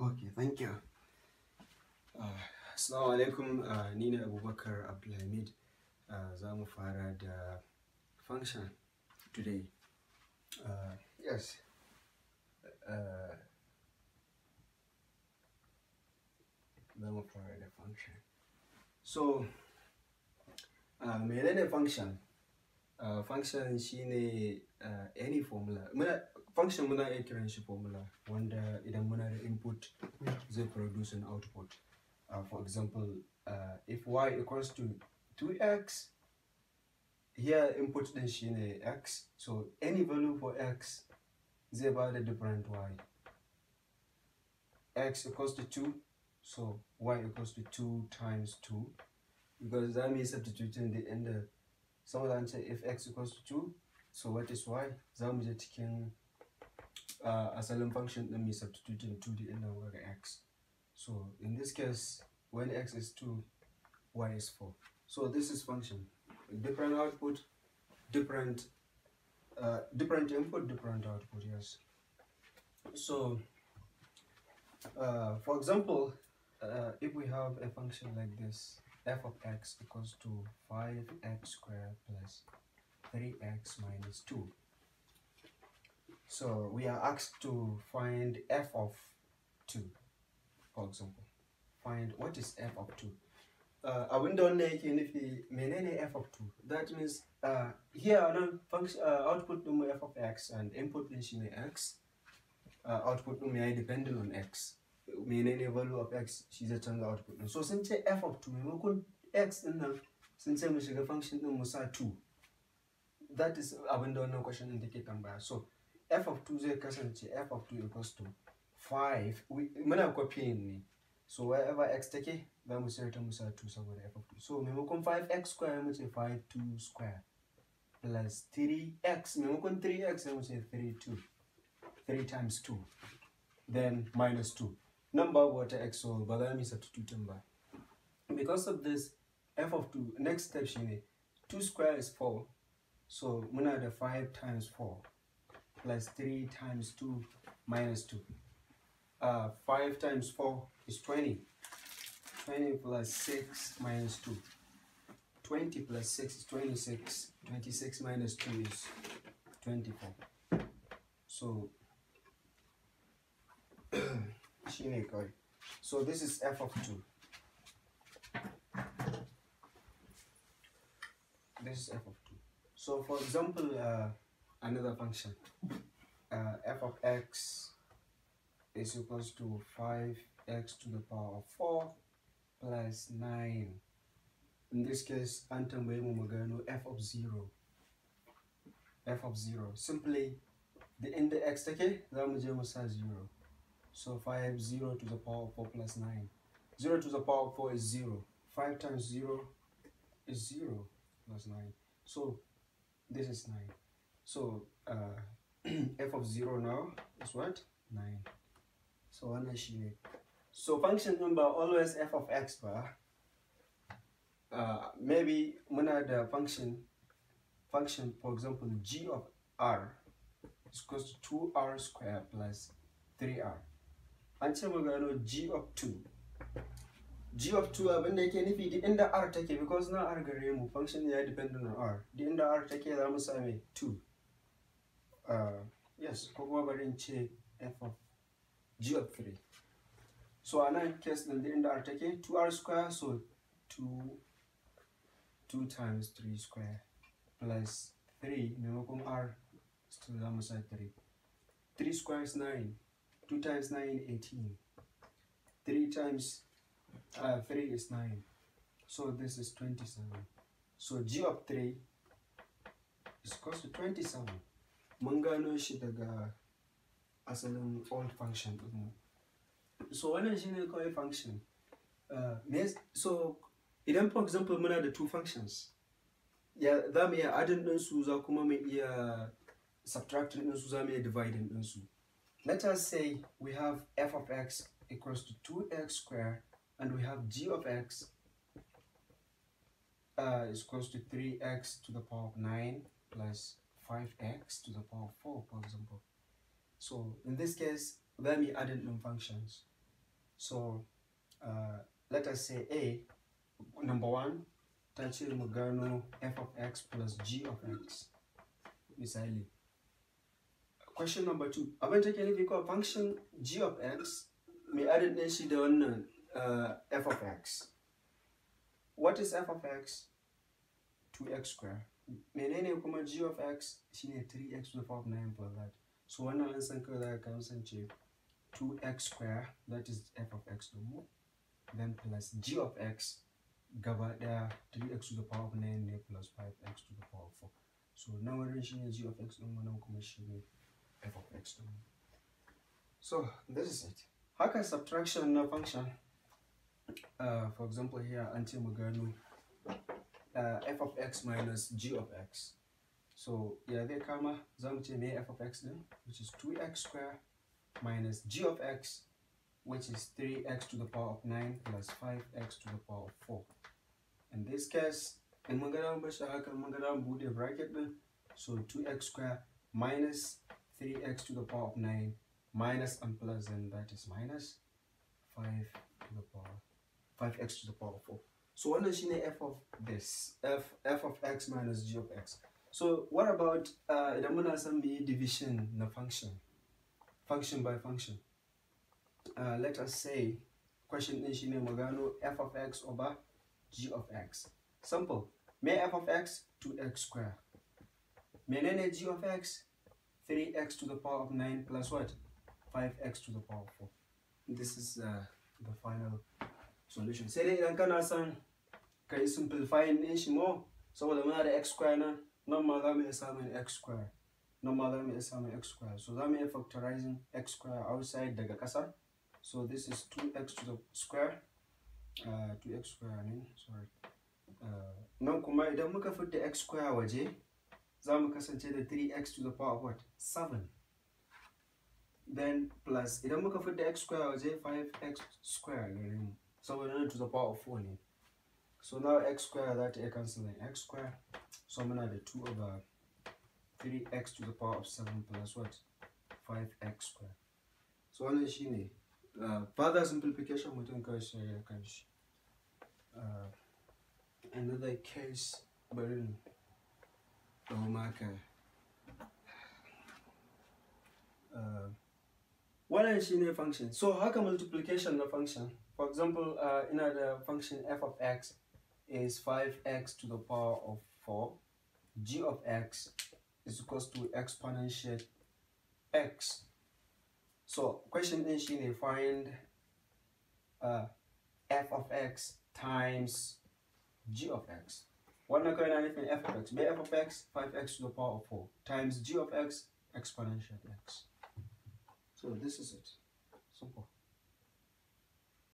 Okay, thank you. Uh, Assalamu alaikum, Nina uh, ni ne Abubakar Abdulhamid. Uh, function today. Uh, yes. Uh, Farad function. So, uh, menene function? Uh, function shine uh, any formula muna function muna iya kiran formula wanda idan muna input the produce an output uh, for example uh, if y equals to 2x here input din shine x so any value for x zai ba the different y x equals to 2 so y equals to 2 times 2 because that means substituting the end saboda an say if x equals to 2 so what is y za mu je uh, as a function din substitute substituting 2 the nan ga x so in this case when x is 2 y is 4 so this is function different output different uh, different input different output yes so uh, for example uh, if we have a function like this f of x equals to 5x squared plus 3x minus 2. So we are asked to find f of 2, for example. Find what is f of 2. Uh, abin not make any nufi menene f of 2 that means uh, here don't function uh, output number f of x and input din x uh, output number may depend dependent on x menene value of x shi zai canza output din so sun ce f of 2 maimakon x din nan sun ce mu shiga function din mu sa 2 that is abin da wannan question din take tambaya so f of 2 zai kasance f of 2 equals to 5 muna copying ne so wherever x take za mu sai ta musa 2 saboda f of 2 so maimakon 5x square mu ce 5 2 square plus 3x maimakon 3x mu ce 3 2 3 times 2 then minus 2 Number babu wata x but that means a 2 substituting by because of this f of 2 next step shine 2 square is 4 so have the 5 times 4 plus 3 times 2 minus 2 uh, 5 times 4 is 20 20 plus 6 minus 2 20 plus 6 is 26 26 minus 2 is 24 so shine so this is f of 2 this is f of 2 so for example uh, another function uh, f of x is equals to 5x to the power of 4 plus 9 in this case an tambaye f of 0 f of 0 simply the index, x take za mu sa 0 so if 0 to the power of 4 plus 9, 0 to the power of 4 is 0. 5 times 0 is 0 plus 9. So this is 9. So uh, f of 0 now is what? 9. So initially, So function number always f of x bar. Uh, maybe another function, function for example g of r is equals to 2r square plus 3r. an ce mu gano g of 2 g of 2 abin da yake nufi duk inda r take because na r gare mu function ya depend on r duk inda r take za mu same 2 uh, yes ko kuma bari in ce f of g of 3 so a nan case din duk inda r take 2r square so 2 2 times 3 square plus 3 maimakon r still za mu sa 3 3 square is 9 2 times 9 18 3 times uh, 3 is 9 so this is 27 so g of 3 is equals to 27 mun gano shi daga asalin old function ɗinmu so wannan shine kawai function uh, so idan for example muna da two functions ya za mu iya din su za kuma mu iya subtracting su za mu iya dividing din su Let us say we have f of x equals to 2x squared and we have g of x uh, is equals to 3x to the power of 9 plus 5x to the power of 4 for example. So in this case, let me add in functions. So uh, let us say A, number one, tangent Mugano f of x plus g of x. Misaili. question number two abin take nufi kawai function g of x mai adin ɗin shi da wannan eh, f of x what is f of x 2x square menene kuma g of x shine 3x to the power of 9 for that so wannan lansan kawai za ka kasance 2x square that is f of x domin then plus g of x gaba daya 3x to the power of 9 ne plus 5x to the power of 4 so na wurin shine g of x din wannan kuma shine f of x So this is it. How can subtraction function, uh, for example here until we uh, f of x minus g of x. So yeah, there comma, zamuche may f of x then, which is 2x square minus g of x, which is 3x to the power of 9 plus 5x to the power of 4. In this case, in Mugano, I can Mugano, bracket then, so 2x square minus 3x to the power of 9 minus and and that is minus 5 to the power 5x to the power 4 so what is the f of this f f of x minus g of x so what about uh idan muna division na function function by function uh, let us say question din shine mu f of x over g of x simple May f of x 2x square may g of x 3x to the power of 9 plus what? 5x to the power of 4. This is uh, the final solution. Say dai idan kana son ka yi simplifying ɗin So more, saboda the x square now? nan ma za mu iya samun x square. Nan ma za mu iya samun x square. So that means factorizing x square outside the gakasa. So this is 2x to the square. Uh, 2x square I mean, sorry. Now, Uh, nan kuma idan muka the x square waje, za mu kasance da 3x to the power of what 7 then plus idan muka the x square waje 5x square So we saboda to the power of 4 ne so now x square that ta iya canceling x square so muna da 2 over 3x to the power of 7 plus what 5x square so wannan shine uh, further simplification mutum kawai shi ya uh, kanshi another case Oh whole my kind. Uh, wannan shi ne function so haka multiplication na function for example uh, ina function f of x is 5x to the power of 4 g of x is equal to exponential x so question din shi find uh, f of x times g of x what na kawai na f of x? Bai f of x 5x to the power of 4 times g of x exponential x. So this is it. Simple.